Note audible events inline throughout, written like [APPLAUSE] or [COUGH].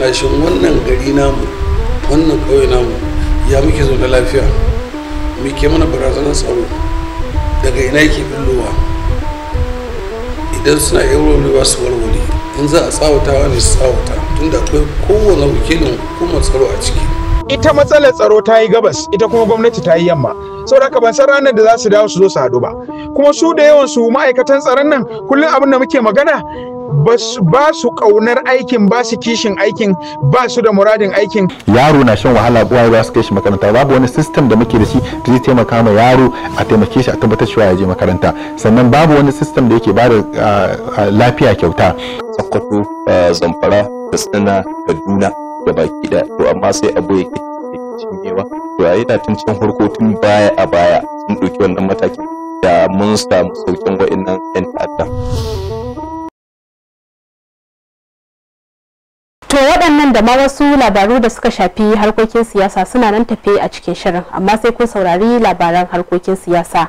tattauna shi wannan gari namu wannan kauye namu ya muke zaune lafiya muke mana barazanar tsaro daga ina yake billowa idan suna yawon su warware in za a tsawatawa ne su tsawata tunda akwai kowane wakilin hukumar tsaro a ciki ita matsalar tsaro ta yi gabas ita kuma gwamnati ta yi yamma saboda haka ban san ranar da za su dawo su zo su haɗu ba kuma su da yawan su ma'aikatan tsaron nan kullum abin da muke magana ba su ƙaunar aikin ba su kishin aikin ba su da muradin aikin yaro na shan wahala ko ya su kai shi makaranta babu wani system da muke da shi da zai taimaka ma yaro a taimake shi a tabbatar cewa ya je makaranta sannan babu wani system da yake bada lafiya kyauta sakkwato eh, zamfara da tsina kaduna da baki da to amma sai abu ya ke cinyewa to yayi tun can farko tun baya a baya sun ɗauki wannan matakin da mun samu saukin wa'innan 'yan ta'adda to waɗannan da ma wasu labaru da suka shafi harkokin siyasa suna nan tafe a cikin shirin amma sai kun saurari labaran harkokin siyasa.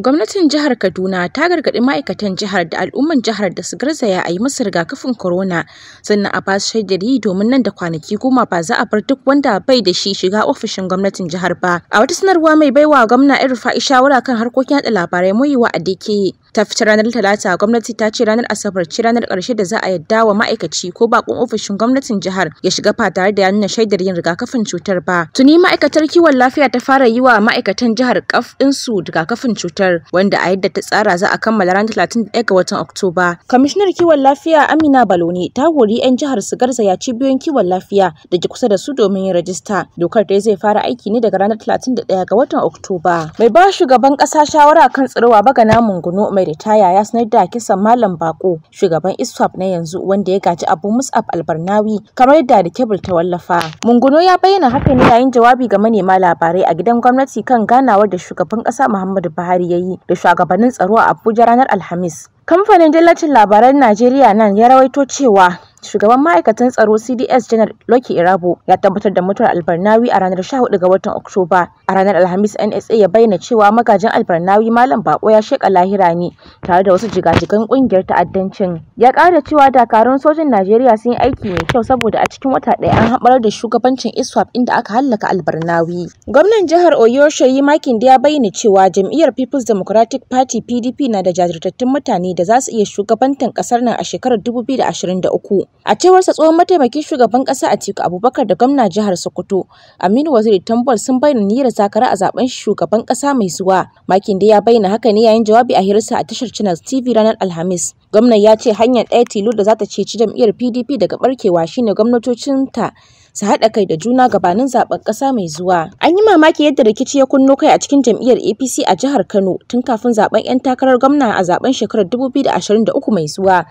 Gwamnatin jihar Kaduna ta gargaɗi ma'aikatan jihar da al'umman jihar da su garzaya a yi musu rigakafin corona sannan a ba su shaidari domin nan da kwanaki goma ba za a bar duk wanda bai da shi shiga ofishin gwamnatin jihar ba. A wata sanarwa mai baiwa gwamna Irfa'i shawara kan harkokin yaɗa labarai a dake ta fice ranar Talata gwamnati ta ce ranar Asabar ce ranar karshe da za a yadda wa ma'aikaci ko bakon ofishin gwamnatin jihar ya shiga ba tare da ya nuna shaidar yin rigakafin cutar ba. Tuni ma'aikatar kiwon lafiya ta fara yi wa ma'aikatan jihar kaf su rigakafin cutar wanda a yadda ta tsara za a kammala ranar 31 ga watan Oktoba. Kwamishinar kiwon lafiya Amina Baloni ta hori 'yan jihar su garzaya cibiyoyin kiwon lafiya da ke kusa da su domin yin rajista. Dokar dai zai fara aiki ne daga ranar talatin 31 ga watan Oktoba. Mai ba shugaban kasa shawara kan tsaro guno mai mai ritaya ya sanar da kisan Malam Bako, shugaban ISWAP na yanzu wanda ya gaji Abu Mus'ab Albarnawi kamar yadda da kebul ta wallafa. Munguno ya bayyana haka ne yayin jawabi ga manema labarai a gidan gwamnati kan ganawar da shugaban ƙasa Muhammadu Buhari ya yi da shugabannin tsaro a Abuja ranar Alhamis. Kamfanin dillacin labaran Najeriya nan ya rawaito cewa Shugaban ma'aikatan tsaro CDS Janar loki Irabo ya tabbatar da mutuwar Albarnawi a ranar 14 ga watan Oktoba. A ranar Alhamis NSA ya bayyana cewa magajin Albarnawi Malam Bako ya sheka lahira ne tare da wasu jigajigan kungiyar ta'addancin. Ya ƙara cewa dakarun sojin Najeriya sun yi aiki mai kyau saboda a cikin wata ɗaya an haɓarar da shugabancin ISWAP inda aka hallaka Albarnawi. Gwamnan jihar Oyo makin da ya bayyana cewa jam'iyyar People's Democratic Party PDP na da jajirtattun mutane da za su iya shugabantar ƙasar nan a shekarar 2023. A cewarsa tsohon mataimakin shugaban ƙasa Atiku Abubakar da gwamna jihar Sokoto Aminu Waziri Tambol sun bayyana niyyar zakara a zaben shugaban ƙasa mai zuwa. Makin da ya bayyana haka ne yayin jawabi a hirarsa a tashar Channel TV ranar Alhamis. Gwamnan ya ce hanyar ɗaya tilo da za ta ceci jam'iyyar PDP daga barkewa shine gwamnatocinta su haɗa kai da juna gabanin zaben ƙasa mai zuwa. An yi mamaki yadda rikici ya kunno kai a cikin jam'iyyar APC a jihar Kano tun kafin zaben 'yan takarar gwamna a zaben shekarar 2023 mai zuwa.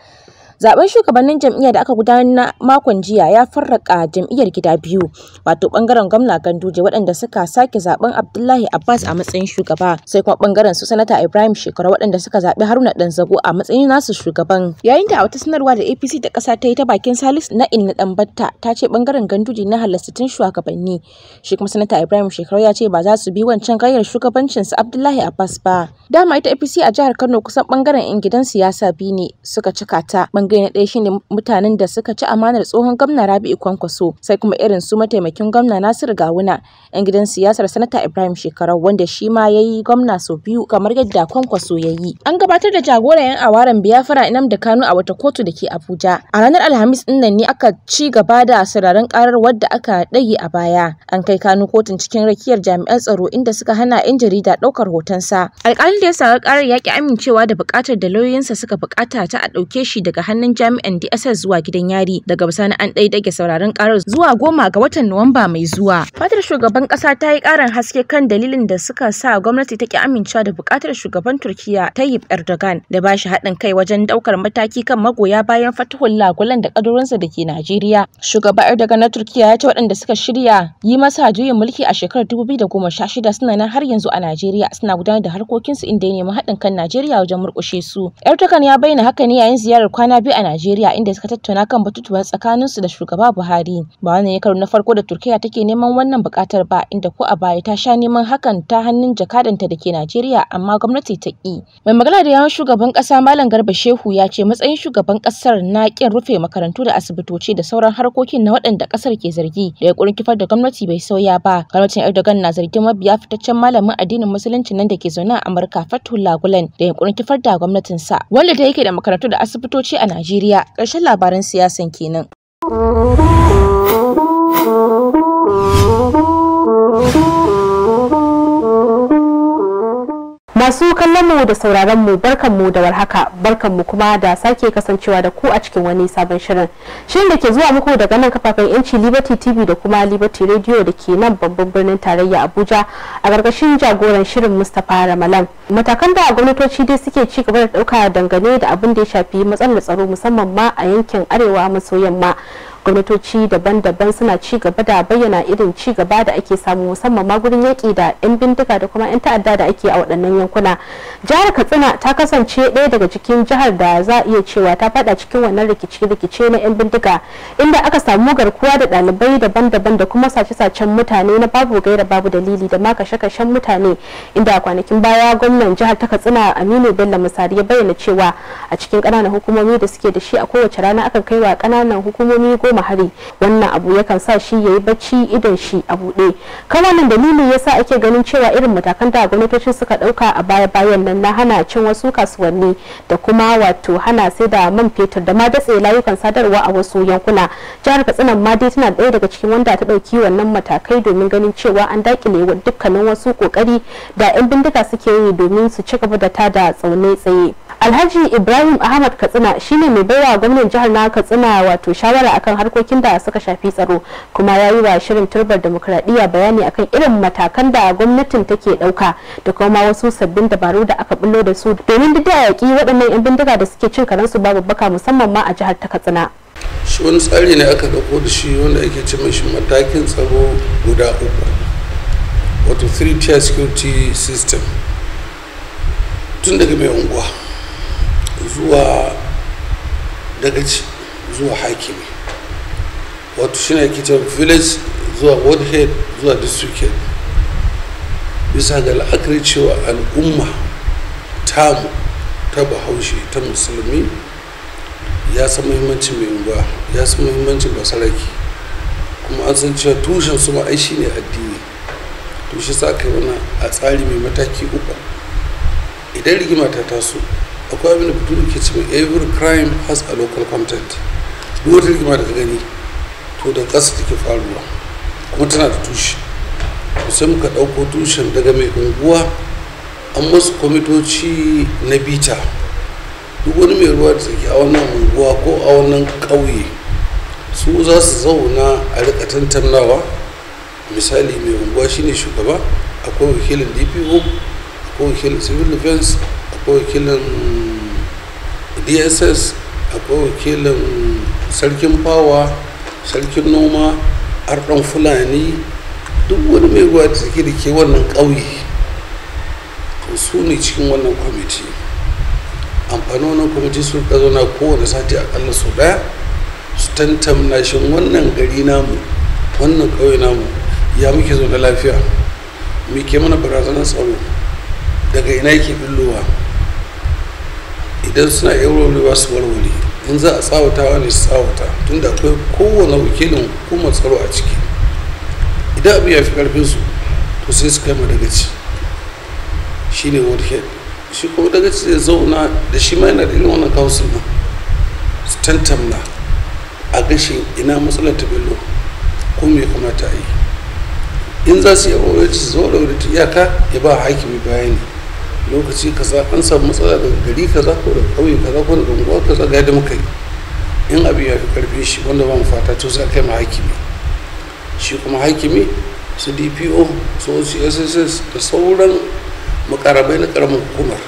Zaben shugabannin jam'iyyar da aka gudanar na makon jiya ya farraka jam'iyyar gida biyu, wato bangaren gwamna Ganduje waɗanda suka sake zaben Abdullahi Abbas a matsayin shugaba, sai kuma bangaren su sanata Ibrahim Shekara waɗanda suka zaɓi Haruna Danzago a matsayin nasu shugaban. Yayin da a wata sanarwa da APC da ƙasa ta yi ta bakin Salisu na Inna Dambatta ta ce bangaren Ganduje na halastattun shugabanni, shi kuma sanata Ibrahim Shekara ya ce ba za su bi wancan gayar shugabancin su Abdullahi Abbas ba. Dama ita APC a jihar Kano kusan bangaren 'yan gidan siyasa biyu ne suka cika ta. Bangare na ɗaya shine mutanen da suka ci amanar tsohon gwamna Rabi'u Kwankwaso sai kuma irin su mataimakin gwamna Nasiru Gawuna ‘yan gidan siyasar sanata Ibrahim Shekarau wanda shi ma yayi gwamna sau biyu kamar yadda Kwankwaso ya yi. An gabatar da jagoran 'yan awaren Biafra da Kanu a wata kotu da ke Abuja. A ranar Alhamis din nan ne aka ci gaba da sauraron karar wadda aka ɗage a baya. An kai Kanu kotun cikin rakiyar jami'an tsaro inda suka hana 'yan jarida ɗaukar hotonsa. Alƙalin da ya saka karar ya ki amincewa da buƙatar da lauyoyinsa suka buƙata ta a ɗauke shi daga hannun hannun jami'an DSS zuwa gidan yari daga bisani an dage sauraron karar zuwa goma ga watan Nuwamba mai zuwa. Fatar shugaban ƙasa ta yi ƙarin haske kan dalilin da suka sa gwamnati ta ki amincewa da buƙatar shugaban Turkiyya Tayyip Erdogan da ba shi haɗin kai wajen ɗaukar mataki kan magoya bayan Fatihullah lagulan da ƙadurinsa da ke Najeriya. Shugaba Erdogan na turkiya ya ce waɗanda suka shirya yi masa juyin mulki a shekarar 2016 suna nan har yanzu a Najeriya suna gudanar da harkokinsu inda ya nemi haɗin kan Najeriya wajen murƙushe su. Erdogan ya bayyana haka ne yayin ziyarar kwana biyu biyu a Najeriya inda suka tattauna kan batutuwan su da shugaba Buhari. Ba wannan ya karo na farko da Turkiyya take neman wannan bukatar ba inda ko a baya ta sha neman hakan ta hannun jakadanta da ke Najeriya amma gwamnati ta ki Mai magana da yawan shugaban kasa Malam Garba Shehu ya ce matsayin shugaban kasar na kin rufe makarantu da asibitoci da sauran harkokin na waɗanda kasar ke zargi da ya kifar da gwamnati bai sauya ba. Gwamnatin Erdogan na zargin mabiya fitaccen malamin addinin musulunci nan da ke zaune a Amurka Fatullah Gulen da ya kifar da sa wanda da yake da makarantu da asibitoci a Najeriya. Ƙarshen labaran siyasan kenan. masu kallon mu da sauraron mu barkan mu da warhaka barkan mu kuma da sake kasancewa da ku a cikin wani sabon shirin shirin da ke zuwa muku daga nan kafafen yanci liberty tv da kuma liberty radio da ke nan babban birnin tarayya abuja a gargashin jagoran shirin mustapha ramalan matakan da gwamnatoci dai suke ci gaba da dauka dangane da abin da ya shafi matsalar tsaro musamman ma a yankin arewa maso yamma gwamnatoci daban-daban suna ci gaba da bayyana irin ci gaba da ake samu musamman ma gurin yaƙi da 'yan bindiga da kuma 'yan ta'adda da ake a waɗannan yankuna jihar katsina ta kasance ɗaya daga cikin jihar da za a iya cewa ta faɗa cikin wannan rikice-rikice na 'yan bindiga inda aka samu garkuwa da ɗalibai daban-daban da kuma sace-sacen mutane na babu gaira babu dalili da ma kashe-kashen mutane inda kwanakin baya gwamnan jihar ta katsina aminu bello musari ya bayyana cewa a cikin ƙananan hukumomi da suke da shi a kowace rana akan kai wa ƙananan hukumomi koma hari wannan abu yakan sa shi ya yi bacci idan shi a buɗe kamanin dalilin ya sa ake ganin cewa irin matakan da gwamnatoci suka ɗauka a baya bayan nan na hana cin wasu kasuwanni da kuma wato hana sai da man fetur da ma datse layukan sadarwa a wasu yankuna jihar katsina ma dai tana ɗaya daga cikin wanda ta ɗauki wannan matakai domin ganin cewa an daƙile dukkanin wasu ƙoƙari da 'yan bindiga suke yi domin su ci gaba da tada tsaune tsaye alhaji ibrahim ahmad katsina shine mai baiwa gwamnan jihar na katsina wato shawara akan harkokin da suka shafi tsaro kuma ya yi wa shirin turbar demokradiyya bayani akan irin matakan da gwamnatin take dauka da kuma wasu sabbin dabaru da aka bullo da su domin duk da yaki waɗannan yan bindiga da suke cin karansu babu baka musamman ma a jihar ta katsina shi wani tsari ne aka dauko da shi wanda ake ce matakin tsaro guda uku wato three tier security system tun daga mai unguwa zuwa dagaci zuwa hakimi wato shine kitan village zuwa wardhead zuwa district bisa ga la'akari cewa al'umma tamu ta bahaushe ta musulmi ya san muhimmancin mai unguwa ya san muhimmancin basaraki kuma an san cewa tushen su ma aishi ne addini tushe shi sa kai wani a tsari mai mataki uku idan rigima ta taso akwai abin da fito ke cewa every crime has a local content duk wata rigima da gani to da kasa take faruwa kuma tana da tushe sai muka ɗauko tushen daga mai unguwa an masu kwamitoci na bita duk wani mai ruwa da take a wannan unguwa ko a wannan ƙauye su za su zauna a rika tantanawa misali mai unguwa shine shugaba akwai wakilin dpo akwai wakilin civil defense akwai wakilin dss akwai wakilin sarkin fawa sarkin noma arɗon fulani duk wani mai ruwa da da ke wannan ƙauye to su ne cikin wannan kwamiti amfani wannan kwamiti su ka zauna kowane sati akalla sau ɗaya su tantamna shi wannan gari namu wannan ƙauye namu ya muke zaune lafiya muke mana barazanar tsaro daga ina yake billowa idan suna yi ba su warware in za a tsawata wani su tsawata tunda akwai kowane wakilin hukumar tsaro a ciki idan abu ya fi su to sai su kai madagaci shi ne warhead shi ko dagaci zai zauna da shi ma yana da irin wannan kawusin nan su tantamna a gashin ina matsalar ta bello ko me kamata a yi in za su yi aure su zo da iyaka ya ba hakimi bayani lokaci kaza an samu matsala daga gari kaza ko daga ƙauye kaza ko daga unguwa kaza ga yadda muka yi in abin ya fi karfe shi wanda ba mu fata to za kai ma hakimi shi kuma hakimi su dpo su sss da sauran makarabai na karamin hukumar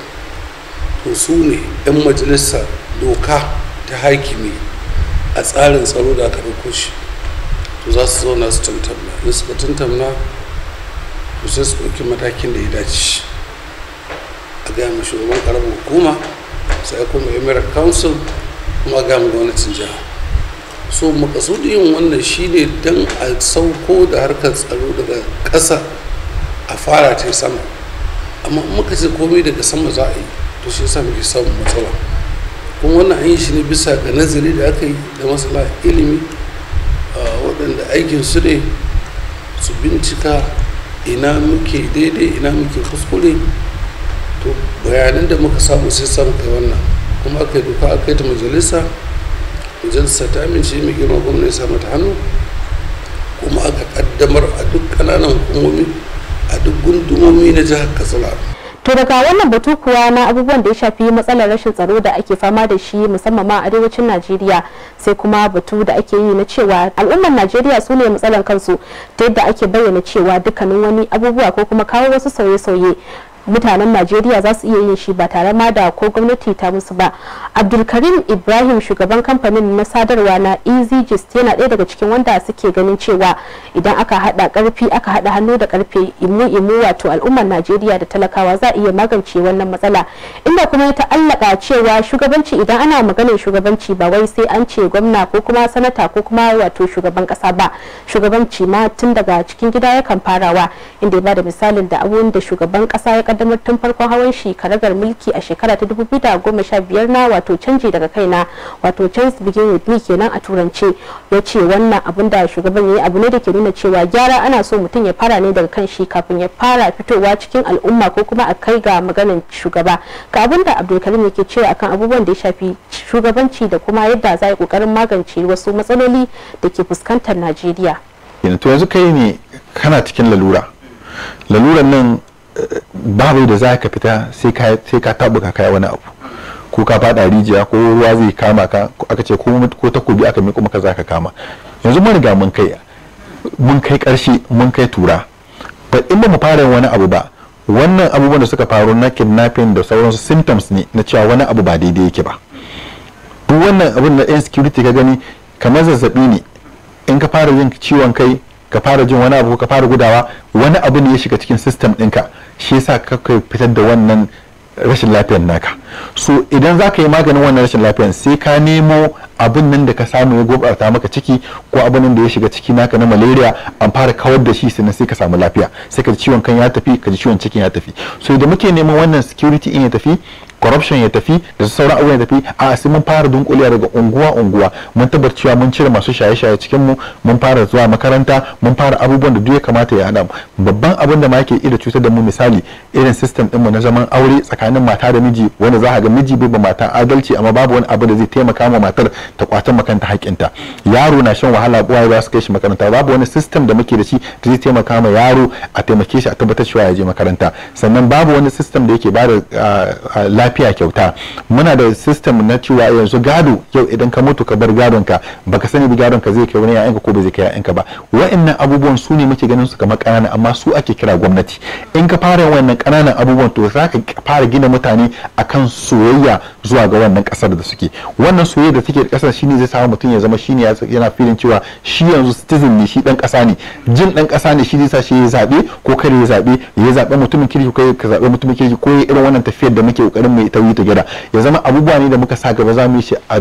to su ne 'yan majalisa doka ta hakimi a tsarin tsaro da aka ɗauko shi to za su zauna su tantamna in suka tantamna to sai su ɗauki matakin da ya dace a gaya mu shugaban karamar hukuma sai kuma emirar council kuma a gaya mu gwamnatin jiha so makasudin wannan shine don a sauko da harkar tsaro daga ƙasa a fara ta sama amma muka ce komai daga sama za a yi to shi yasa muke samun matsala kuma wannan an yi shi ne bisa ga nazari da aka yi da masala ilimi waɗanda aikin su ne su bincika ina muke daidai ina muke kuskure to bayanan da muka samu sai samu kai wannan kuma aka yi duka aka yi ta majalisa majalisa ta amince mai girma gwamna ya samu ta hannu kuma aka kaddamar a duk kananan hukumomi a duk gundumomi na jihar katsina to daga wannan batu kuwa na abubuwan da ya shafi matsalar rashin tsaro da ake fama da shi musamman a arewacin najeriya sai kuma batu da ake yi na cewa al'ummar najeriya su ne matsalar kansu ta yadda ake bayyana cewa dukkanin wani abubuwa ko kuma kawo wasu sauye-sauye mutanen najeriya za su iya yin shi ba tare ma da ko gwamnati ta musu ba abdulkarim ibrahim shugaban kamfanin na sadarwa na easygist yana ɗaya daga cikin wanda suke ganin cewa idan aka haɗa ƙarfi aka haɗa hannu da karfe imu imu wato al'ummar najeriya da talakawa za iya magance wannan matsala inda kuma ya ta'allaka cewa shugabanci idan ana maganar shugabanci ba wai sai an ce gwamna ko kuma sanata ko kuma wato shugaban ƙasa ba shugabanci ma tun daga cikin gida yakan farawa inda ya bada misalin da abun da shugaban kasa ya kaddamar tun farkon hawan shi karagar mulki a shekara ta 2015 na wato canji daga kaina wato chance begin with me kenan a turance ya ce wannan abun da shugaban ya yi abu ne da ke nuna cewa gyara ana so mutum ya fara ne daga kan shi kafin ya fara fitowa cikin al'umma ko kuma a kai ga maganin shugaba ga abin da abdulkarim yake cewa akan abubuwan da ya shafi shugabanci da kuma yadda za a yi kokarin magance wasu matsaloli da ke fuskantar najeriya to yanzu kai ne kana cikin lalura laluran nan eh, babu da za ka fita sai ka tabuka kai wani abu ko ka fada rijiya ko ruwa zai kama ka aka ce ko takobi aka miƙo maka za ka kama yanzu mun riga mun kai mun kai ƙarshe mun kai tura ba in ba mu fara wani abu ba wannan abubuwan da suka faru na kidnapping da sauransu symptoms ne na cewa wani abu ba daidai yake ba duk wannan abin da yan security ka gani kamar zazzabi ne in ka fara yin ciwon kai ka fara jin wani abu ka fara gudawa wani abu ne ya shiga cikin system ɗinka shi yasa ka fitar da wannan rashin lafiyan naka so idan za ka yi maganin wannan rashin lafiyan sai ka nemo abin nan da ka samu ya gobarta maka ciki ko abin nan da ya shiga ciki naka na malaria an fara kawar da shi sannan sai ka samu lafiya sai ka ji ciwon kan ya tafi ka ji ciwon cikin ya tafi so idan muke neman wannan security in ya tafi corruption ya tafi da sauran abubuwan ya tafi a sai mun fara dunkuliya daga unguwa unguwa mun tabbatar cewa mun cire masu shaye-shaye cikin mu mun fara zuwa makaranta mun fara abubuwan da duk ya kamata ya hada babban abin da ma yake ida cutar da mu misali irin system din mu na zaman aure tsakanin mata da miji wanda za ga miji bai ba mata adalci amma babu wani abu da zai taimaka ma matar ta kwatan makanta hakinta yaro na shan wahala uwaye ba su kai shi makaranta babu wani system da muke da shi da zai taimaka ma yaro a taimake shi a tabbatar cewa ya je makaranta sannan babu wani system da yake ba da lafiya kyauta muna da system na cewa yanzu gado yau idan ka mutu ka bar gadon ka baka sani bi gadon ka zai kai wani ka ko bai zai kai ka ba wa'annan abubuwan su ne muke ganin su kamar ƙanana amma su ake kira gwamnati in ka fara wannan ƙananan abubuwan to za ka fara gina mutane akan soyayya zuwa ga wannan ƙasar da suke wannan soyayya da suke ƙasar shine zai samu mutum ya zama shine yana filin cewa shi yanzu citizen ne shi dan ƙasa ne jin dan ƙasa ne shi zai sa shi ya zabe ko kare ya zabe ya zabe mutumin kirki ko ka zabe mutumin kirki ko irin wannan tafiyar da muke kokarin mu ta yi ya zama abubuwa ne da muka sa gaba za mu yi shi a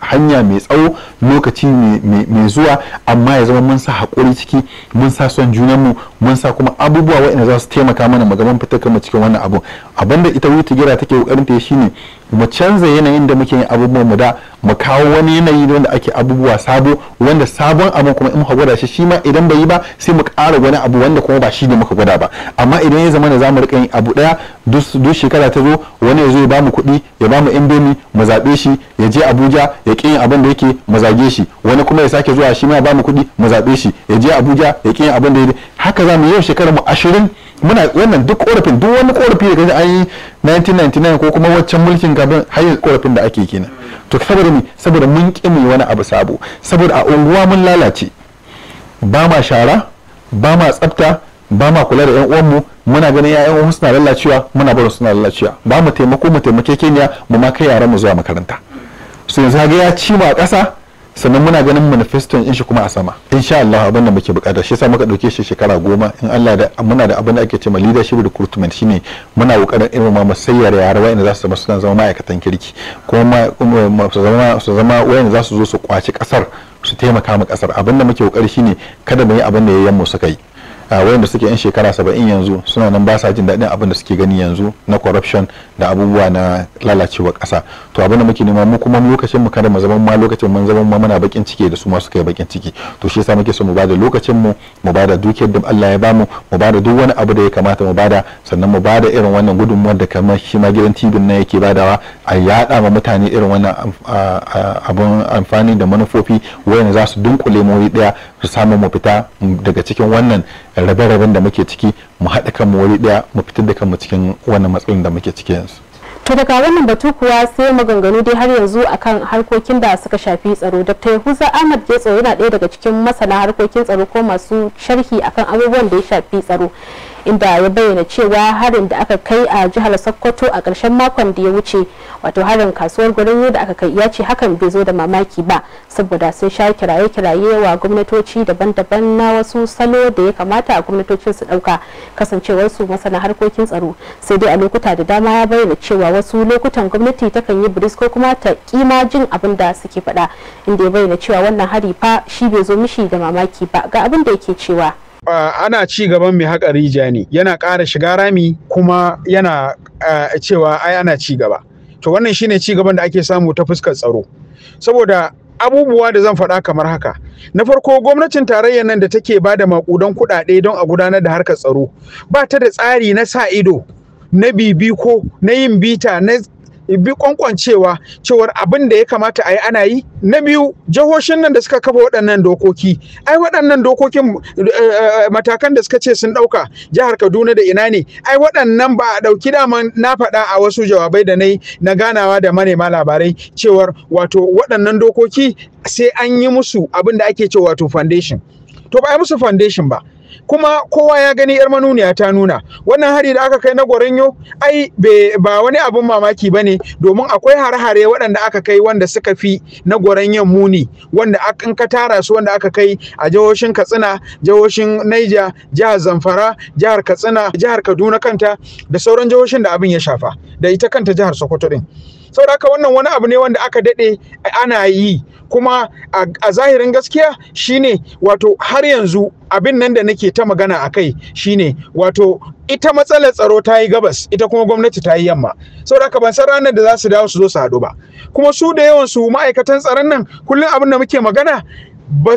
hanya mai tsawo lokaci mai zuwa amma ya zama mun sa haƙuri ciki mun sa son junanmu mun sa kuma abubuwa waɗanda za su taimaka mana mu fitar kama cikin wannan abu abinda ita wuta gida take ƙoƙarin ta shine mu canza yanayin da muke yin abubuwan mu da mu kawo wani yanayi wanda ake abubuwa sabo wanda sabon abin kuma in muka gwada shi shi ma idan bai yi ba sai mu ƙara wani abu wanda kuma ba shi ne muka gwada ba amma idan ya zama da zamu rika yin abu daya duk shekara ta zo wani ya zo ya ba mu kuɗi ya ba mu indomi mu zaɓe shi ya je Abuja ya ƙi yin abin da yake mu zage shi wani kuma ya sake zuwa shi ma ya ba mu kuɗi mu zaɓe shi ya je Abuja ya ƙi yin abin da yake haka zamu yau shekarar mu ashirin muna wannan duk korafin duk wani korafi da kaji an 1999 ko kuma waccan mulkin gaban har korafin da ake kenan to saboda ne saboda mun ki mu wani abu sabo saboda a unguwa mun lalace ba ma shara ba ma tsafta ba ma kula da yan uwanmu muna ganin yayan uwanmu suna lalacewa muna barin suna lalacewa ba mu taimako mu taimake keniya mu ma kai yaran mu zuwa makaranta su yanzu ga ya ci ma ƙasa sannan muna ganin manifeston in shi kuma a sama insha Allah abin da muke bukata shi yasa muka dauke shi shekara goma in Allah da muna da abin da ake cewa leadership recruitment shine muna kokarin irin ma musayyar yara wayanda za su zama suna zama ma'aikatan kirki kuma um, su zama su zama wayanda za su zo su kwaci kasar su taimaka ma kasar abin da muke kokari shine kada mu yi abin da yayyan mu suka yi wayanda suke yan shekara saba'in yanzu suna nan ba sa jin daɗin abin da suke gani yanzu na corruption da abubuwa na lalacewa ƙasa to abin da muke nema mu kuma lokacin mu kada mu zama ma lokacin mun zama ma muna bakin ciki da su ma suka yi bakin ciki to shi yasa muke so mu bada lokacin mu mu bada dukiyar da Allah ya bamu mu bada duk wani abu da ya kamata mu bada sannan mu bada irin wannan gudunmuwar da kamar shi ma gidan TV na yake badawa a yada ma mutane irin wannan abun amfani da manufofi wayanda za su dunkule mu daya su samu mu fita daga cikin wannan rabe-raben da muke ciki mu haɗa mu wuri ɗaya mu fitar da kanmu cikin wannan matsalolin da muke cikin yanzu to daga wannan batu kuwa sai maganganu dai har yanzu akan harkokin da suka shafi tsaro dr yahuza ahmad getso yana daya daga cikin masana harkokin tsaro ko masu sharhi akan abubuwan da ya shafi tsaro inda ya bayyana cewa harin da aka kai a jihar sokoto a karshen makon da ya wuce wato harin kasuwar gurin da aka kai ya ce hakan bai zo da mamaki ba saboda sun sha kiraye-kiraye wa gwamnatoci daban-daban na wasu salo da ya kamata a gwamnatocin su ɗauka kasancewar su masana harkokin tsaro sai dai a lokuta da dama ya bayyana cewa wasu lokutan gwamnati takan yi buris ko kuma ta kima jin abin da suke faɗa inda ya bayyana cewa wannan hari fa shi bai zo mishi da mamaki ba ga abin da yake cewa ana ci gaban mai haƙa rija ne yana ƙara shiga rami kuma yana cewa ai ana ci gaba to wannan shine ci gaban da ake samu ta fuskar tsaro saboda abubuwa da zan faɗa kamar haka na farko gwamnatin tarayyar nan da take ba da maƙudan kuɗaɗe don a gudanar da harkar tsaro ba ta da tsari na sa ido na bibiko na yin bita na bi kwankwancewa cewar abin da ya kamata a yi ana yi na biyu jihohin nan da suka kafa waɗannan dokoki ai waɗannan dokokin eh, eh, matakan da suka ce sun ɗauka jihar kaduna da ina ne ai waɗannan ba a ɗauki daman na faɗa a wasu jawabai da na yi na ganawa da manema labarai cewar wato waɗannan dokoki sai an yi musu abin da ake cewa wato foundation to ba a musu foundation ba kuma kowa ya gani yar manuniya ta nuna wannan hari da aka kai na gorenyo ai ba wani abin mamaki ba ne domin akwai hare-hare waɗanda aka kai wanda suka fi na gorenyon muni wanda in ka tara su wanda aka kai a jihohin katsina jihohin Niger, jihar zamfara jihar katsina jihar kaduna kanta da sauran jihohin da abin ya shafa da ita kanta jihar sokoto din saboda haka wannan wani abu ne wanda aka daɗe ana yi kuma a zahirin gaskiya shine wato har yanzu abin nan da nake ta magana a kai shine wato ita matsalar tsaro ta yi gabas ita kuma gwamnati ta yi yamma saboda haka ban san ranar da za su dawo su zo su haɗu ba kuma su da yawan su ma'aikatan tsaron nan kullum abin da muke magana ba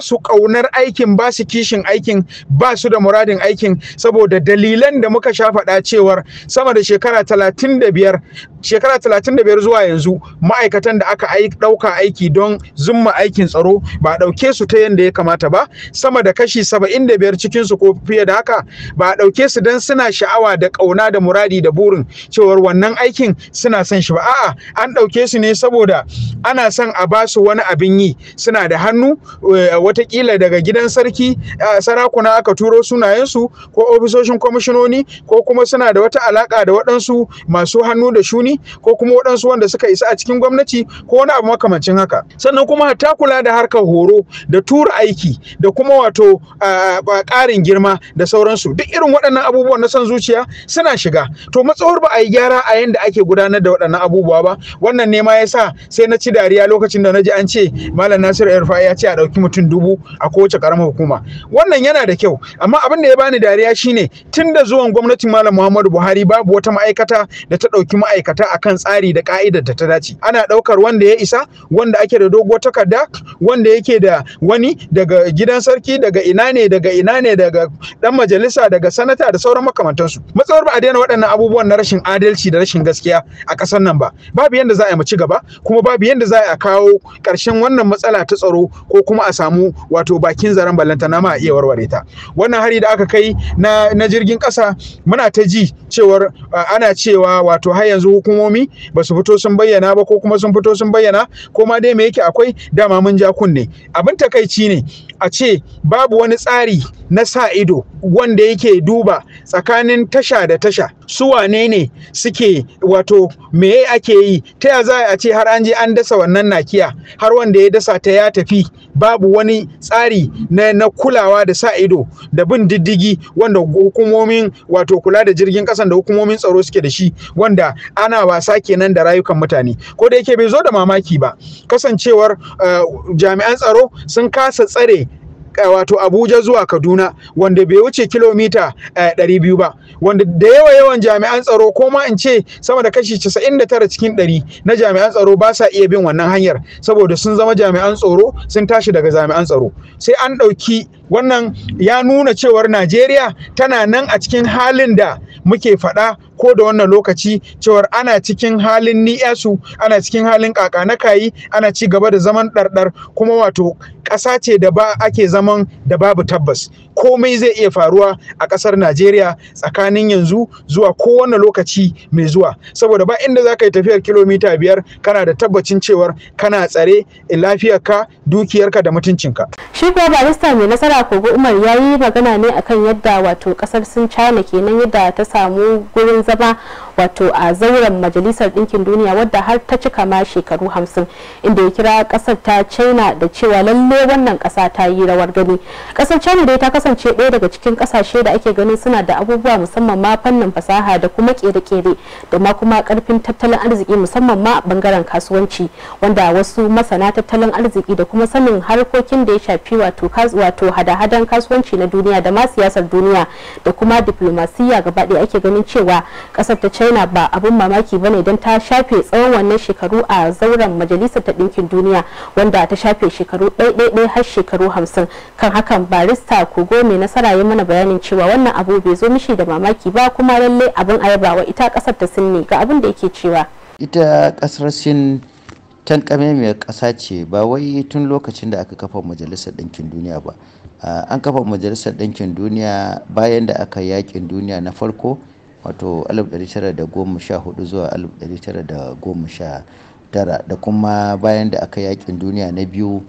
su ƙaunar aikin ba su kishin aikin ba su da muradin aikin saboda dalilan da muka sha faɗa cewar sama da shekara 35 shekara 35 zuwa yanzu ma'aikatan da aka ɗauka aiki don zumma aikin tsaro ba a ɗauke su ta yadda ya kamata ba sama da kashi 75 cikin su ko fiye da haka ba a ɗauke su don suna sha'awa da ƙauna da muradi da burin cewar wannan aikin suna son shi ba a'a an ɗauke su ne saboda ana son a ba su wani abin yi suna da hannu Eh, watakila daga gidan sarki eh, sarakuna aka turo sunayensu ko ofisoshin kwamishinoni ko kuma suna da wata alaka da waɗansu masu hannu da shuni ko kuma waɗansu wanda suka isa a cikin gwamnati ko wani abu makamancin haka sannan kuma hatta kula da harkar horo da tura aiki da kuma wato eh, ƙarin girma da sauransu duk irin waɗannan abubuwan na son zuciya suna shiga to matsawar ba a yi gyara a yanda ake gudanar da waɗannan abubuwa ba wannan ne ma ya sa sai na ci dariya lokacin da na ji an ce malam nasiru ya ce a ɗauki mutum dubu a kowace ƙaramar hukuma wannan yana da kyau amma abin da ya bani dariya shine tun da zuwan gwamnatin malam muhammadu buhari babu wata ma'aikata da ta ɗauki ma'aikata akan tsari da ka'idar da ta dace ana ɗaukar wanda ya isa wanda ake da doguwar takarda wanda yake da wani daga gidan sarki daga ina ne daga ina ne daga dan majalisa daga sanata da sauran makamantansu matsawar ba a daina waɗannan abubuwan na rashin adalci da rashin gaskiya a ƙasar nan ba babu yanda za a yi mu ci gaba kuma babu yanda za a kawo ƙarshen wannan matsala ta tsaro ko kuma a samu wato bakin zaren ballantana ma a iya warware ta wannan hari da aka kai na, na jirgin kasa, muna ta ji cewar ana cewa wato har yanzu hukumomi ba su fito sun bayyana ba ko kuma sun fito sun bayyana ko ma dai me yake akwai dama mun ja kunne abin takaici ne a ce babu wani tsari na sa ido wanda yake duba tsakanin tasha da tasha su wane ne suke wato meye ake yi ta ya za a ce har an je an dasa wannan nakiya har wanda ya dasa ta ya tafi babu wani tsari na, na kulawa da sa ido da bin diddigi wanda hukumomin wato kula da jirgin kasan da hukumomin tsaro suke da shi wanda ana wasa kenan da rayukan mutane ko da yake bai zo da mamaki ba kasancewar uh, jami'an tsaro sun kasa tsare Eh, wato Abuja zuwa Kaduna wanda bai wuce kilomita 200 eh, ba wanda da yawa yawan jami'an tsaro ko ma in ce sama da kashi da tara cikin ɗari, na jami'an tsaro ba sa iya bin wannan hanyar saboda sun zama jami'an tsoro sun tashi daga jami'an tsaro sai an ɗauki wannan ya nuna cewar najeriya tana nan a cikin halin da muke faɗa ko da wannan lokaci cewar ana cikin halin ni'yasu ana cikin halin kaka na kayi ana ci gaba da zaman ɗarɗar kuma wato ƙasa ce da ba ake zaman da babu tabbas komai zai iya faruwa a ƙasar najeriya tsakanin yanzu zuwa kowane lokaci mai zuwa saboda ba inda za ka yi tafiyar kilomita biyar kana da tabbacin cewar kana tsare lafiyarka dukiyarka da mutuncinka shi kuwa barista mai nasara Sanata Kogo Umar ya yi magana ne akan yadda wato kasar Sin China kenan yadda ta samu gurin zama wato a zauren majalisar ɗinkin duniya wadda har ta cika ma shekaru hamsin inda ya kira ƙasar ta china da cewa lalle wannan ƙasa ta yi rawar gani ƙasar china dai ta kasance ɗaya daga cikin ƙasashe da ake ganin suna da abubuwa musamman ma fannin fasaha da kuma ƙere kere da ma kuma karfin tattalin arziki musamman ma bangaren kasuwanci wanda wasu masana tattalin arziki da kuma sanin harkokin da ya shafi wato wato hada-hadan kasuwanci na duniya da ma siyasar duniya da kuma diplomasiya gaba ɗaya ake ganin cewa ƙasar ta china yana ba abun mamaki ba ne don ta shafe tsawon wannan shekaru a zauren majalisar ta ɗinkin duniya wanda ta shafe shekaru ɗaiɗaiɗai har shekaru hamsin kan hakan barista kogo mai nasara ya mana bayanin cewa wannan abu bai zo mishi da mamaki ba kuma lalle abin ayabawa ita ƙasar ta sin ne ga abin da yake cewa ita ƙasar sin tankame mai ƙasa ce ba wai tun lokacin da aka kafa majalisar ɗinkin duniya ba an kafa majalisar ɗinkin duniya bayan da aka yakin duniya na farko wato 1914 zuwa 1919 da kuma bayan da aka yakin duniya na biyu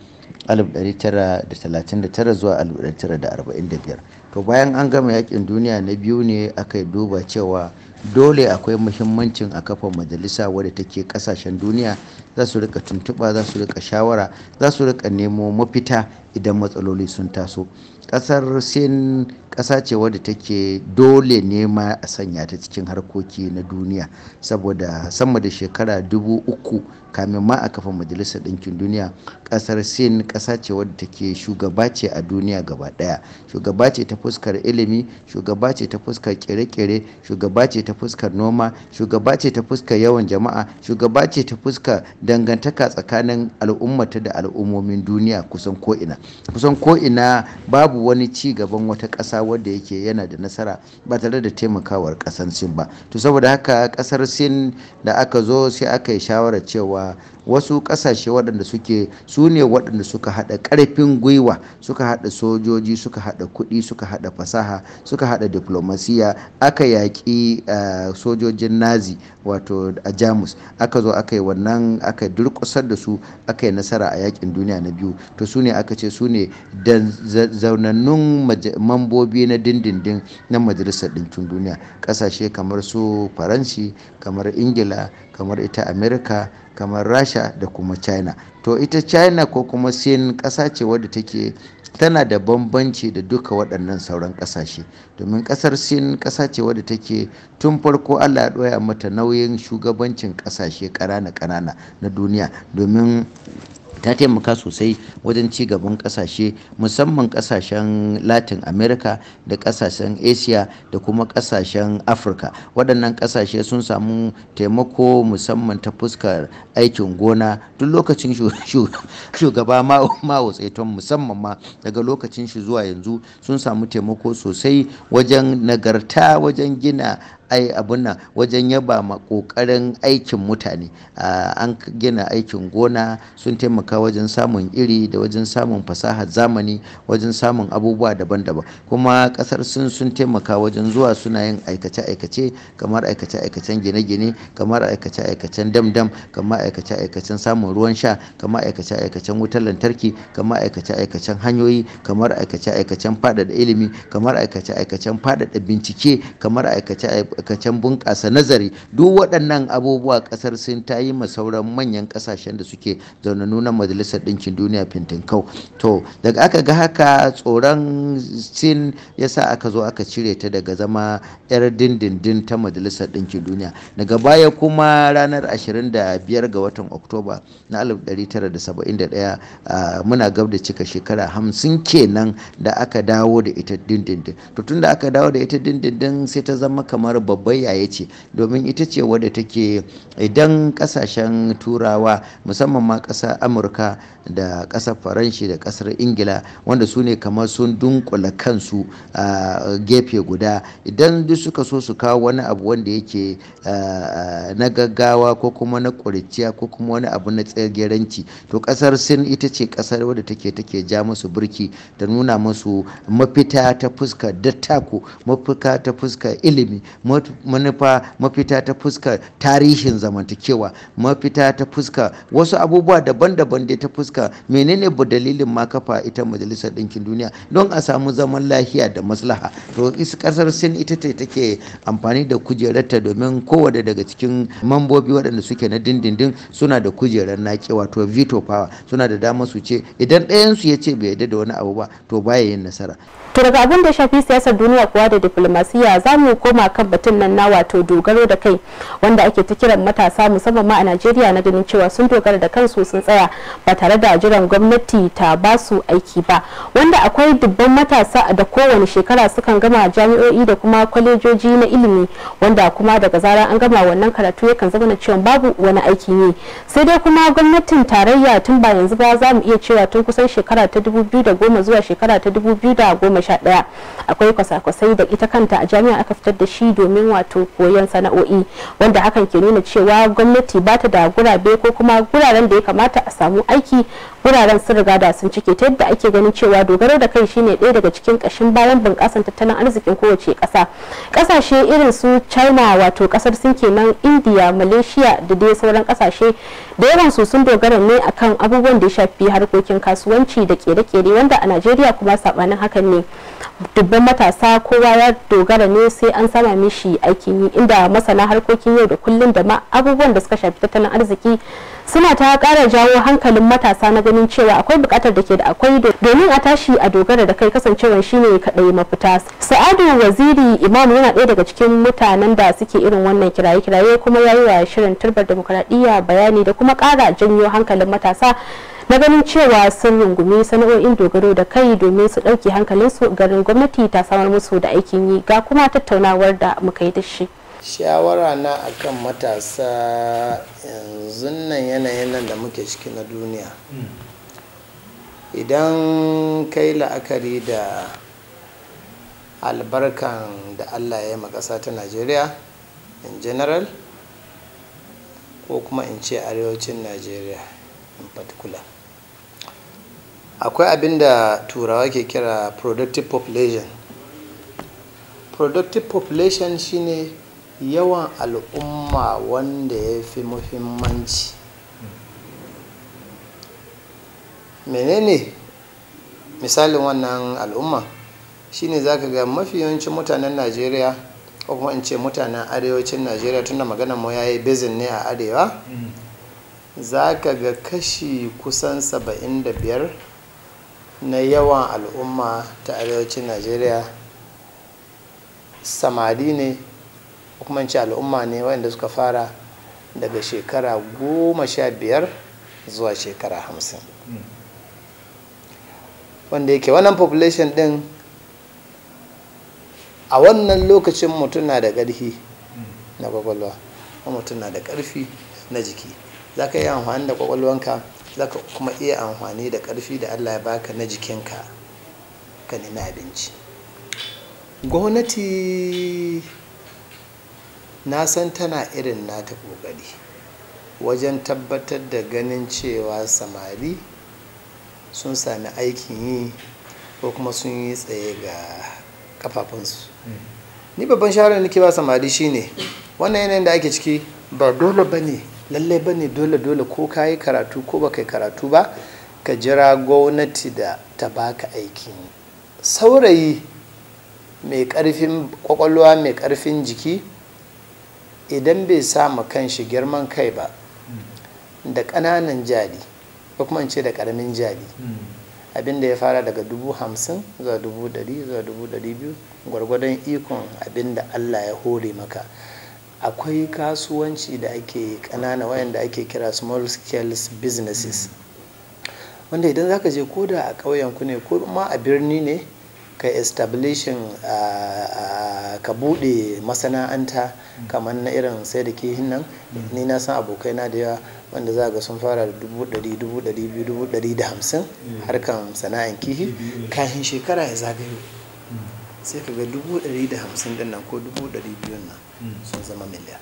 1939 zuwa 1945 to bayan an gama yakin duniya na biyu ne aka duba cewa dole akwai muhimmancin a kafa majalisa wadda take kasashen duniya za su rika tuntuɓa za su rika shawara za su rika nemo mafita idan matsaloli sun taso ƙasar sin ƙasa ce wadda take dole ne ma a sanya ta cikin harkoki na duniya saboda sama da shekara dubu uku kamin ma a kafa majalisar ɗinkin duniya ƙasar sin ƙasa ce wadda take shugaba ce a duniya gaba ɗaya shugaba ce ta fuskar ilimi shugaba ce ta fuskar kere-kere shugaba ce ta fuskar noma shugaba ce ta fuskar yawan jama'a shugaba ce ta fuskar dangantaka tsakanin al'ummata da al'ummomin duniya kusan ko'ina kusan ko'ina babu wani ci gaban wata ƙasa wadda wanda yake yana da nasara ba tare da taimakawar ƙasar sin ba to saboda haka kasar sin da aka zo sai aka yi shawarar cewa wasu kasashe waɗanda suke su ne waɗanda suka haɗa ƙarfin gwiwa suka haɗa sojoji suka haɗa kuɗi suka haɗa fasaha suka haɗa diplomasiya aka yaƙi eh, sojojin nazi wato a jamus aka zo aka yi wannan aka durƙusar da su aka yi nasara a yaƙin duniya na biyu to su ne aka ce su ne zaunannun mambobi na dindindin na majalisar ɗinkin duniya ƙasashe kamar su faransi kamar ingila kamar ita amerika kamar rasha da kuma china to ita china ko kuma sin ƙasa ce wadda take tana da bambanci da duka waɗannan sauran ƙasashe domin ƙasar sin ƙasa ce wadda take tun farko allah ya ɗoya mata nauyin shugabancin ƙasashe ƙanana ƙanana na duniya domin ta taimaka sosai wajen ci gaban kasashe musamman kasashen latin america da kasashen asia da kuma kasashen afirka waɗannan kasashe sun samu taimako musamman ta fuskar aikin gona duk lokacin [LAUGHS] shugaba mao tseton musamman ma daga lokacin shi zuwa yanzu sun samu taimako sosai wajen nagarta wajen gina ai abun nan wajen yaba ma kokarin aikin mutane an gina aikin gona sun taimaka wajen samun iri da wajen samun fasaha zamani wajen samun abubuwa daban-daban kuma kasar sun sun taimaka wajen zuwa suna yin aikace-aikace kamar aikace-aikacen gine-gine kamar aikace-aikacen dam-dam kamar aikace-aikacen samun ruwan sha kamar aikace-aikacen wutar lantarki kamar aikace-aikacen hanyoyi kamar aikace-aikacen faɗaɗa ilimi kamar aikace-aikacen faɗaɗa bincike kamar aikace aikace bunkasa nazari duk waɗannan abubuwa ƙasar sun ta yi ma sauran manyan ƙasashen da suke zaune nuna majalisar ɗinkin duniya fintinkau to daga aka ga haka tsoron sin ya sa aka zo aka cire ta daga zama 'yar dindindin ta majalisar ɗinkin duniya daga baya kuma ranar 25 ga watan oktoba na 1971 muna gab da cika shekara hamsin kenan da aka dawo da ita dindindin to tun da aka dawo da ita dindindin sai ta zama kamar babbar yaya ce domin ita ce wadda take idan kasashen turawa musamman ma ƙasar amurka da ƙasar faranshi da ƙasar ingila wanda su ne kamar sun dunkula kansu a gefe guda idan duk suka so su kawo wani abu wanda yake na gaggawa ko kuma na ƙuriciya ko kuma wani abu na tsageranci to ƙasar sin ita ce ƙasar wadda take take ja musu birki ta nuna musu mafita ta fuskar dattako mafita ta fuskar ilimi manufa mafita ta fuska tarihin zamantakewa mafita ta fuska wasu abubuwa daban-daban da ta fuska menene ba dalilin ma kafa ita majalisar ɗinkin duniya don a samu zaman lafiya da maslaha to isa kasar sin ita ce take amfani da kujerarta domin kowane daga cikin mambobi waɗanda suke na dindindin suna da kujerar naƙi wato veto power suna da dama su ce idan ɗayansu ya ce bai yadda da wani abu ba to baya yin nasara to daga abin da shafi siyasar duniya kuwa da diplomasiya za mu koma kan mutum nan na wato dogaro da kai wanda ake ta kiran matasa musamman ma a najeriya na ganin cewa sun dogara da kansu sun tsaya ba tare da jiran gwamnati ta ba su aiki ba wanda akwai dubban matasa da kowane shekara sukan gama jami'o'i da kuma kwalejoji na ilimi wanda kuma daga zarar an gama wannan karatu ya kan zama na cewa babu wani aiki ne. sai dai kuma gwamnatin tarayya tun ba yanzu ba za mu iya cewa tun kusan shekara ta dubu biyu da goma zuwa shekara ta dubu biyu da goma sha ɗaya. akwai kwasa-kwasai da ita kanta a jami'a aka fitar da shi domin domin wato koyon sana'o'i wanda hakan ke nuna cewa gwamnati ba ta da gurabe ko kuma guraren da ya kamata a samu aiki guraren sun riga da sun cike ta yadda ake ganin cewa dogaro da kai shine ɗaya daga cikin kashin bayan bunƙasar tattalin arzikin kowace ƙasa ƙasashe irin su china wato ƙasar sun kenan india malaysia da dai sauran ƙasashe da yawan su sun dogara ne akan abubuwan da ya shafi harkokin kasuwanci da kere-kere wanda a najeriya kuma saɓanin hakan ne dubban matasa kowa ya dogara ne sai an sama mishi shi aikin yi inda masana harkokin yau da kullum da ma abubuwan da suka shafi tattalin arziki suna ta kara jawo hankalin matasa na ganin cewa akwai bukatar da ke da akwai domin a tashi a dogara da kai kasancewar shine kadai mafita sa'adu waziri imam yana ɗaya daga cikin mutanen da suke irin wannan kiraye-kiraye kuma yayi wa shirin turbar demokradiyya bayani da kuma kara janyo hankalin matasa na ganin cewa sun rungumi sana'o'in dogaro da kai domin su ɗauke su garin gwamnati ta samar musu da aikin yi ga kuma tattaunawar da muka yi da shi shawara na akan matasa yanzu nan yanayin nan da muke ciki na duniya idan kai la'akari da albarkan da allah ya yi makasa ta najeriya in general ko kuma in ce arewacin najeriya in particular akwai abin da turawa ke kira productive population productive population shine yawan al'umma wanda ya fi muhimmanci menene misalin wannan al'umma shine zaka ga mafi yawancin mutanen najeriya ko kuma in ce mutanen arewacin najeriya tunda magana mu ya yi bezin ne a arewa mm. zaka ga kashi kusan 75 na yawan al'umma ta arewacin najeriya samari ne kuma al'umma ne waɗanda suka fara daga shekara goma sha biyar zuwa shekara hamsin wanda yake wannan population ɗin a wannan lokacin mutum na da ƙarfi na kwakwalwa mutum na da ƙarfi na jiki za ka yi amfani da kwakwalwanka za ka kuma iya amfani da ƙarfi da allah ya baka na jikinka ka nemi abinci gwamnati na san tana irin nata ƙoƙari wajen tabbatar da ganin cewa samari sun sami aikin yi ko kuma sun yi tsaye ga kafafunsu mm. ni babban shawarar da nake ba samari shine wannan yanayin da ake ciki ba dole ba ne lallai ba ne dole-dole ko ka yi karatu ko ba yi karatu ba ka jira gwamnati da ta baka aiki. saurayi mai karfin kwakwalwa mai karfin jiki idan bai kan shi girman kai ba mm. da ƙananan jari ko kuma ce da ƙaramin jari mm. abinda ya fara daga dubu hamsin zuwa dubu dari zuwa dubu dari biyu gwargwadon ikon abinda allah ya hore maka akwai kasuwanci da ake kanana wayanda ake kira small scale businesses wanda idan za ka je ko da a ƙauyenku ku ne ko ma a birni ne ka establishin ka buɗe masana'anta kamar na irin sai da hin nan ni na san abokai na da yawa wanda za ga sun fara da dubu ɗari dubu ɗari biyu dubu ɗari da hamsin harkan sana'an kihi kafin shekara ya zagayo sai ka ga dubu ɗari da hamsin ɗin nan ko dubu ɗari biyun nan sun zama miliyan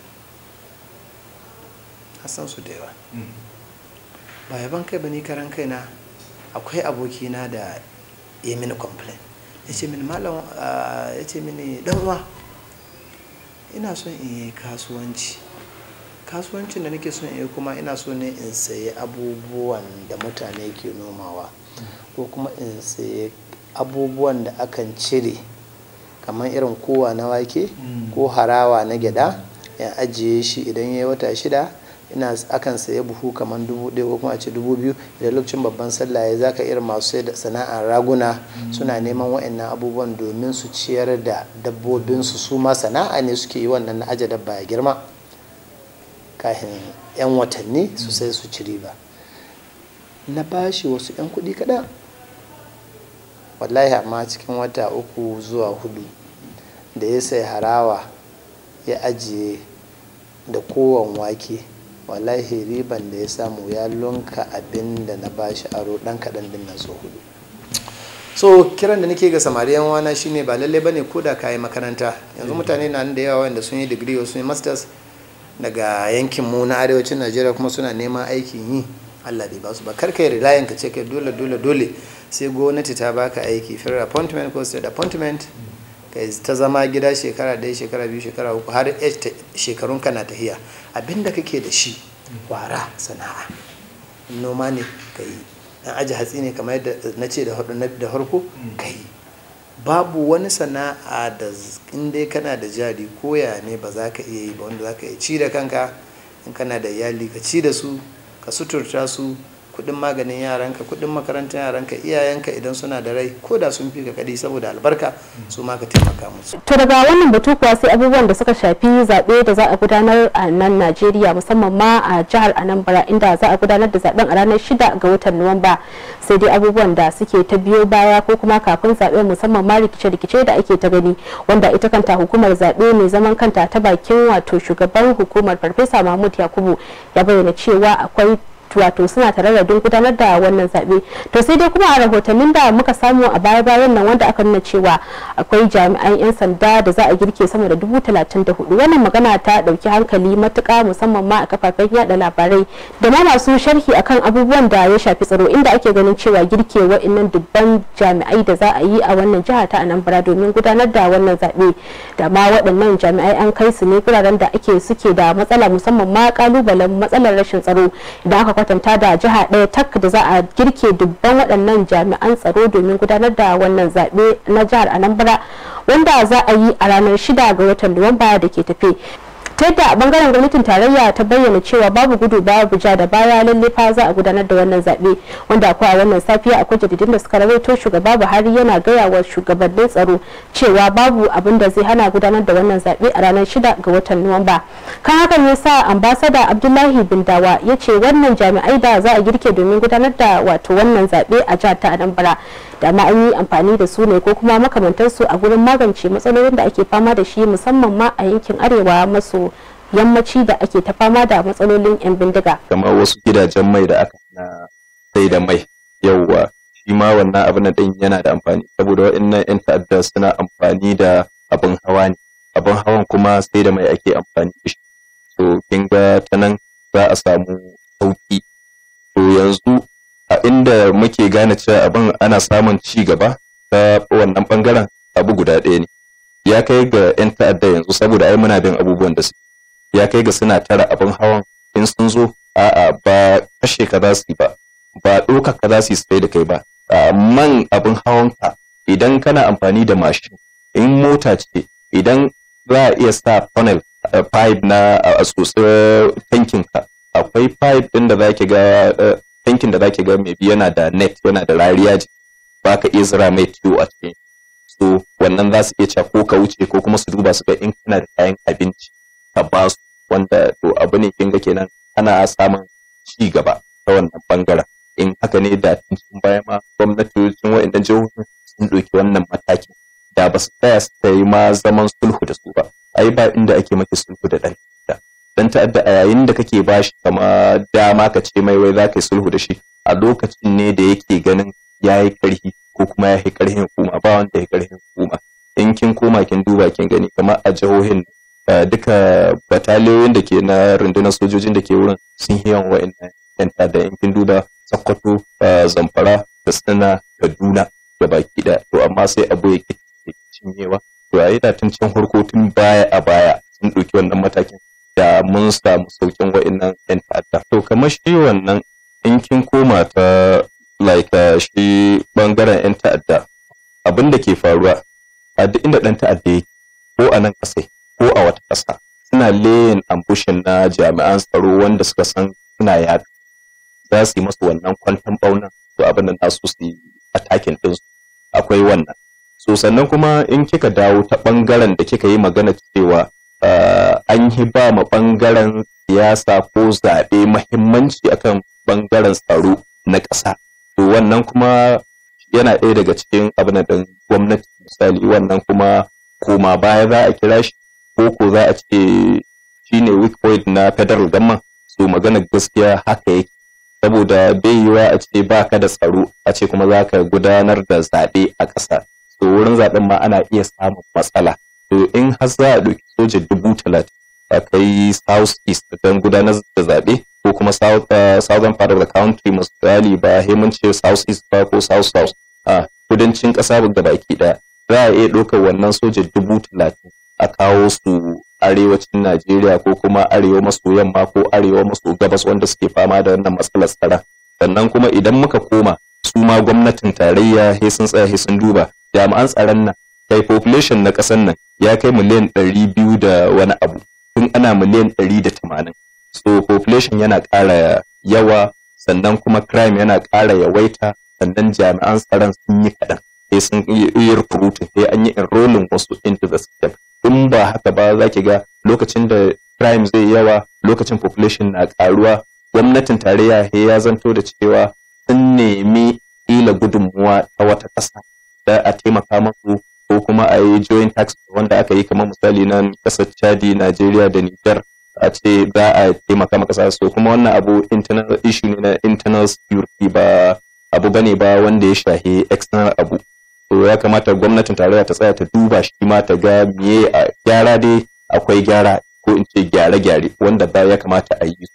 hassan su da yawa mm. ba yaban kai ba ni karan kaina akwai abokina da ya mini complain ya ce mini malam ah, ya ce mini danwa ina son in yi kasuwanci kasuwancin da nake son in yi kuma ina so ne in sayi abubuwan da mutane ke nomawa mm. ko kuma in sayi abubuwan da akan cire kamar irin kowa na wake mm. ko harawa na gyada ya ajiye shi idan ya yi wata shida ina akan saye buhu kamar dubu ɗaya ko kuma a ce dubu biyu idan lokacin babban sallah ya zaka irin masu sai da sana'ar raguna mm. suna neman wa'annan abubuwan domin su ciyar da su su ma sana'a ne suke yi wannan na aje dabba ya girma kafin 'yan watanni su sai su ci riba na bashi wasu 'yan kuɗi kaɗan wallahi amma cikin wata uku zuwa hudu da ya sai harawa ya ajiye da kowan wake wallahi riban da ya samu ya lunka abin da na bashi aro dan kaɗan din nan so hudu so kiran da nake ga samariyan wana shine ba lalle bane ko da kayi makaranta yanzu mm. mutane na nan da yawa wanda sun yi digiri sun yi masters daga yankin mu na arewacin Najeriya kuma suna neman aikin yi Allah bai ba su ba kar kai rilayen ka ce kai dole dole dole sai gwamnati ta baka aiki federal appointment ko state appointment ka ta zama gida shekara ɗaya shekara biyu shekara uku har shekarun ka na tahiya abinda kake da shi wara sana'a noma ne ka yi dan aji hatsi ne kamar yadda na ce da harko ka yi babu wani sana'a da in dai kana da jari koya ne ba za ka iya yi ba wanda za ka iya ci da kanka in kana da iyali ka ci da su ka suturta su kudin maganin yaranka kudin makarantar yaranka iyayenka idan suna da rai ko da sun fi ka kadi saboda albarka su ma ka taimaka musu to daga wannan batu kuwa sai abubuwan da suka shafi zaɓe da za a gudanar a nan Najeriya musamman ma a jihar Anambra inda za a gudanar da zaben a ranar 6 ga watan Nuwamba sai dai abubuwan da suke ta biyo baya ko kuma kafin zaɓen musamman ma rikice-rikice da ake ta gani wanda ita kanta hukumar zaɓe mai zaman kanta ta bakin wato shugaban hukumar Farfesa Mahmud Yakubu ya bayyana cewa akwai wato suna tare da don gudanar da wannan zaɓe to sai dai kuma a rahotannin da muka samu a baya bayan nan wanda aka nuna cewa akwai jami'an 'yan sanda da za a girke sama da dubu talatin da hudu wannan magana ta ɗauki hankali matuƙa musamman ma a kafafen yada labarai da ma masu sharhi akan abubuwan da ya shafi tsaro inda ake ganin cewa girke wa'innan dubban jami'ai da za a yi a wannan jiha ta anambra domin gudanar da wannan zaɓe da ma waɗannan jami'ai an kai su ne guraren da ake suke da matsala musamman ma ƙalubalen matsalar rashin tsaro idan aka kwatanta da jiha ɗaya tak da za a girke dubban waɗannan jami'an tsaro domin gudanar da wannan zaɓe na jihar anambra wanda za a yi a ranar 6 ga watan nuwamba da ke tafe ta yadda bangaren gwamnatin tarayya ta bayyana cewa babu gudu babu ja da baya lalle za a gudanar da wannan zaɓe wanda akwai a wannan safiya akwai jadidin da suka rawaito shugaba buhari yana gaya wa shugabannin tsaro cewa babu abin da zai hana gudanar da wannan zaɓe a ranar shida ga watan nuwamba kan hakan ya sa ambasada abdullahi bindawa ya ce wannan jami'ai da za a girke domin gudanar da wato wannan zaɓe a jihar ta anambra da ma an yi amfani da su ne ko kuma su a gurin magance matsalolin da ake fama da shi musamman ma a yankin arewa maso yammaci da ake ta fama da matsalolin 'yan bindiga. kamar wasu gidajen mai da aka na sai da mai yauwa shi ma wannan abin na din yana da amfani saboda waɗannan 'yan ta'adda suna amfani da abin hawa ne abin hawan kuma sai da mai ake amfani da shi to kin ga ta nan za a samu sauki to yanzu a inda muke gane cewa abin ana samun ci gaba ta wannan bangaren abu guda ɗaya ne ya kai ga 'yan ta'adda yanzu saboda ai muna bin abubuwan da su ya kai ga suna tara abin hawan in sun zo a'a ba kashe ka za su ba ba ɗoka ka za su yi da kai ba man abin hawan ka idan kana amfani da mashin in mota ce idan za a iya sa funnel eh, pipe na a tsotsi tankin ka akwai pipe ɗin da za ki ga eh, tankin da zaki ga mai bi yana da net yana da rariya ba ka iya zira mai tiyo a cikin so wannan za su iya cewa ko ka wuce ko kuma su duba su ga in kana da kayan abinci ka ba su wanda to abu ne kin kenan ana samun ci gaba ta wannan bangaren in haka ne da tun baya ma Gwamnati gwamnatocin waɗannan jihohin sun ɗauki wannan matakin da ba su tsaya su yi ma zaman sulhu da su ba ai ba inda ake maki sulhu da ɗan dan ta'adda a yayin da kake ba shi kama dama ka ce mai wai zaka yi sulhu da shi a lokacin ne da yake ganin ya yi karhi ko kuma ya yi karhin hukuma ba wanda ya yi karhin hukuma in kin koma kin duba kin gani kamar a jihohin eh, duka bataliyoyin da ke na rundunar sojojin da ke wurin sun yi yawan wa'annan yan ta'adda in kin duba sokoto eh, zamfara da tsina kaduna da baki da to amma sai abu ya cinyewa to a yi tun can harkokin baya a baya sun ɗauki wannan matakin da mun samu saukin wa'annan yan ta'adda to kamar shi wannan in kin koma ta like uh, shi bangaren yan ta'adda abin da ke faruwa a duk inda ɗan ta'adda yake ko a nan ƙasai ko a wata ƙasa suna leyin ambushin na jami'an tsaro wanda suka san suna yaɗa za su yi masu wannan kwantan ɓaunan to abin da nasu su yi atakin ɗinsu akwai wannan so sannan kuma in kika dawo ta ɓangaren da kika yi magana cewa Eh, an yi ba ma ɓangaren siyasa ko zaɓe mahimmanci akan ɓangaren tsaro na ƙasa to wannan kuma yana ɗaya daga cikin abin da gwamnati misali wannan kuma koma baya za a kira shi ko ko za a ce shine weak point na federal government so magana gaskiya haka yake saboda bai yiwa a ce ba ka da tsaro a ce kuma za ka gudanar da zaɓe a ƙasa so wurin zaɓen ma ana iya samun matsala to in har za a ɗauki soja dubu talatin a kai south east don gudanar da zaɓe ko kuma uh, southern part of the country misali ba mun ce south east ba ko south south a kudancin ƙasa ga baki ɗaya za a iya ɗaukar wannan soja dubu talatin a kawo su arewacin Najeriya ko kuma arewa maso yamma ko arewa maso gabas wanda suke fama da wannan matsalar tsara. Sannan kuma idan muka koma su ma gwamnatin tarayya he sun tsaya sun duba jami'an tsaron nan kai population na ƙasar nan ya kai miliyan ɗari biyu da wani abu tun ana miliyan ɗari da tamanin so population yana ƙara yawa sannan kuma crime yana ƙara yawaita sannan jami'an tsaron sun yi kaɗan sai sun yi recruiting sai an yi enrolling wasu into the system in ba haka ba za ki ga lokacin da crime zai yawa lokacin population na ƙaruwa gwamnatin tarayya ya zanto da cewa sun nemi ila gudunmuwa ta wata ƙasa da a taimaka musu ko kuma a yi joint tax wanda aka yi kamar misali nan kasar chadi nigeria da niger a ce ba a taimaka maka kasa so kuma wannan abu internal issue ne na internal security ba abu bane ba wanda ya shahe external abu to ya kamata gwamnatin tarayya ta tsaya ta duba shi ma ta ga miye a gyara dai akwai gyara ko in ce gyare-gyare wanda ba ya kamata a yi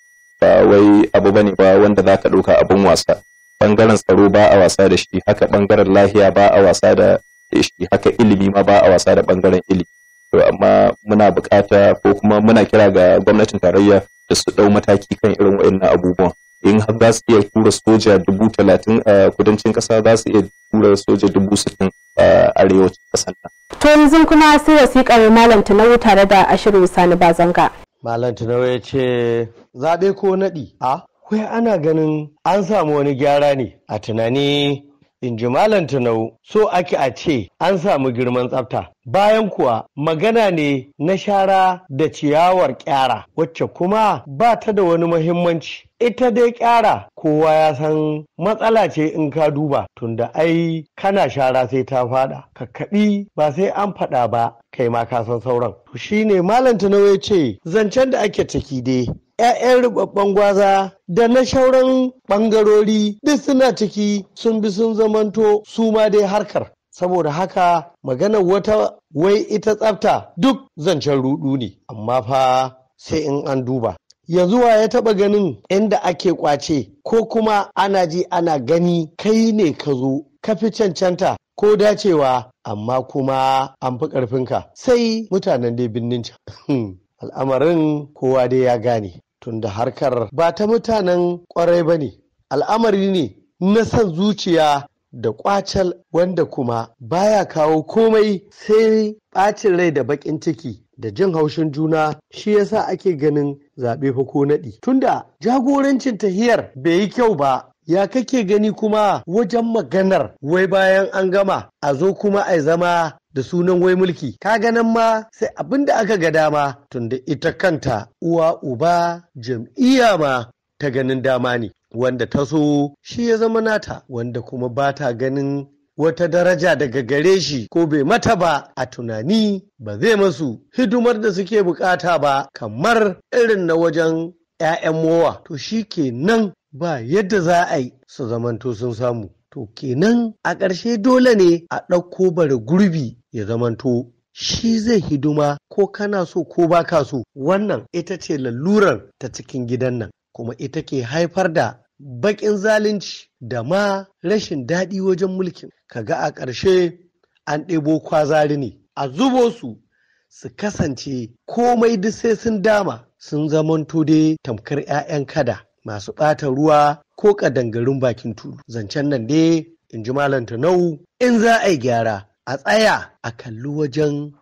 ba wai abu bane ba wanda za ka ɗauka abun wasa bangaren tsaro ba a wasa da shi haka bangaren lahiya ba a wasa da da shi haka ilimi ma ba a wasa da bangaren ilimi to amma muna bukata ko kuma muna kira ga gwamnatin tarayya da su dau mataki kan irin wa'annan abubuwan in har za su iya tura soja dubu talatin a kudancin kasa za su iya tura soja dubu sittin a arewacin kasar nan. to yanzu kuma sai wasiƙar malam tunawu tare da ashiru sani bazanga. malam tunawu ya ce zaɓe ko naɗi a wai ana ganin an samu wani gyara ne a tunani in ji Malam Tanau so ake a ce an samu girman tsafta. Bayan kuwa magana ne na shara da ciyawar kyara wacce kuma ba ta da wani mahimmanci. Ita dai kyara kowa ya san matsala ce in ka duba tunda ai kana shara sai ta fada. Kakkaɗi ba sai an faɗa ba kai ma ka san sauran to ne malam na ya ce zancen da ake ciki dai 'ya'yan rubabban gwaza da na shauran bangarori duk suna ciki sun bi sun zamanto su ma dai harkar saboda haka maganar wata wai ita tsafta duk zancen rudu ne amma fa sai in an duba yanzu wa ya taba ganin inda ake kwace ko kuma ana ji ana gani kai ne ka zo ka fi cancanta ko dacewa amma kuma an fi ƙarfinka sai mutanen dai birnin can hmm, al'amarin kowa dai ya gane tunda harkar ba ta mutanen ƙwarai ba ne al'amari ne na son zuciya da ƙwacal wanda kuma baya kawo komai sai ɓacin rai da baƙin ciki da jin haushin juna shi yasa ake ganin zaɓe fa ko naɗi tunda jagorancin tahiyar bai yi kyau ba ya kake gani kuma wajen maganar wai bayan an gama a zo kuma a zama da sunan wai mulki ka ganin ma sai abin da aka ga dama tunda ita kanta uwa uba jam'iyya ma ta ganin dama ne wanda ta so shi ya zama nata wanda kuma ba ta ganin wata daraja daga gare shi ko bai mata ba a tunani ba zai masu hidimar da suke bukata ba kamar irin na wajen 'ya'yan mowa to shi ke nan ba yadda za a yi su zamanto sun samu to kenan a ƙarshe dole ne a ɗauko bara gurbi ya zamanto shi zai hidima ko kana so ko ba ka so wannan ita ce lalurar ta cikin gidan nan kuma ita ke haifar da baƙin zalunci da ma rashin daɗi wajen mulkin kaga a ƙarshe an ɗebo kwazari ne a zubo su su kasance komai duk sai sun dama sun zamanto dai tamkar 'ya'yan kada masu ɓata ruwa ko ƙadangarin bakin tudu. zancen nan dai in ji malam nau. in za a yi gyara a tsaya a kalli wajen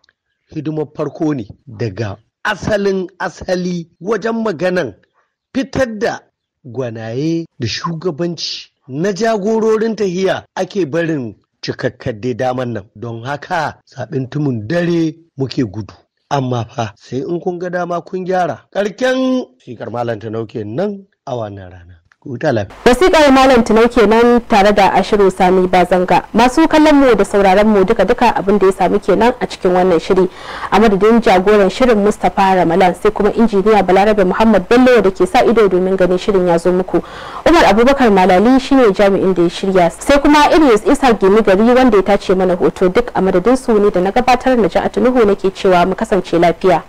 hidimar farko ne daga asalin asali wajen maganan fitar da gwanaye da shugabanci na jagororin tahiya ake barin cikakkar dai daman nan don haka zaɓin tumun dare muke gudu amma fa sai in kun ga dama kun gyara ƙarken shekar malam nauke nan a wannan rana. Malam Tinau kenan tare da Ashiru Sani zanga Masu kallon mu da sauraron mu duka duka abin da ya samu kenan a cikin wannan shiri. A madadin jagoran shirin Mustapha Ramalan sai kuma injiniya Balarabe Muhammad Bello da ke sa ido domin ganin shirin ya zo muku. Umar Abubakar Malali shine jami'in da ya shirya. Sai kuma Idris Isa Gimi gari wanda ya tace mana hoto duk a madadin su ne da na gabatar na ja'atu Nuhu nake cewa mu kasance lafiya.